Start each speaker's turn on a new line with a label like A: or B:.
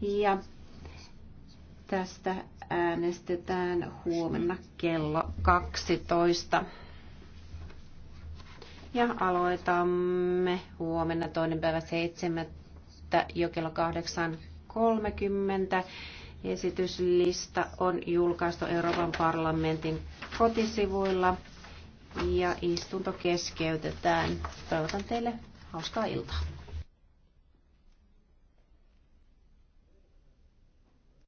A: ja tästä äänestetään huomenna kello 12. Ja aloitamme huomenna toinen päivä 7. jo kello 8.30. Esityslista on julkaistu Euroopan parlamentin kotisivuilla ja istunto keskeytetään.
B: Toivotan teille hauskaa iltaa.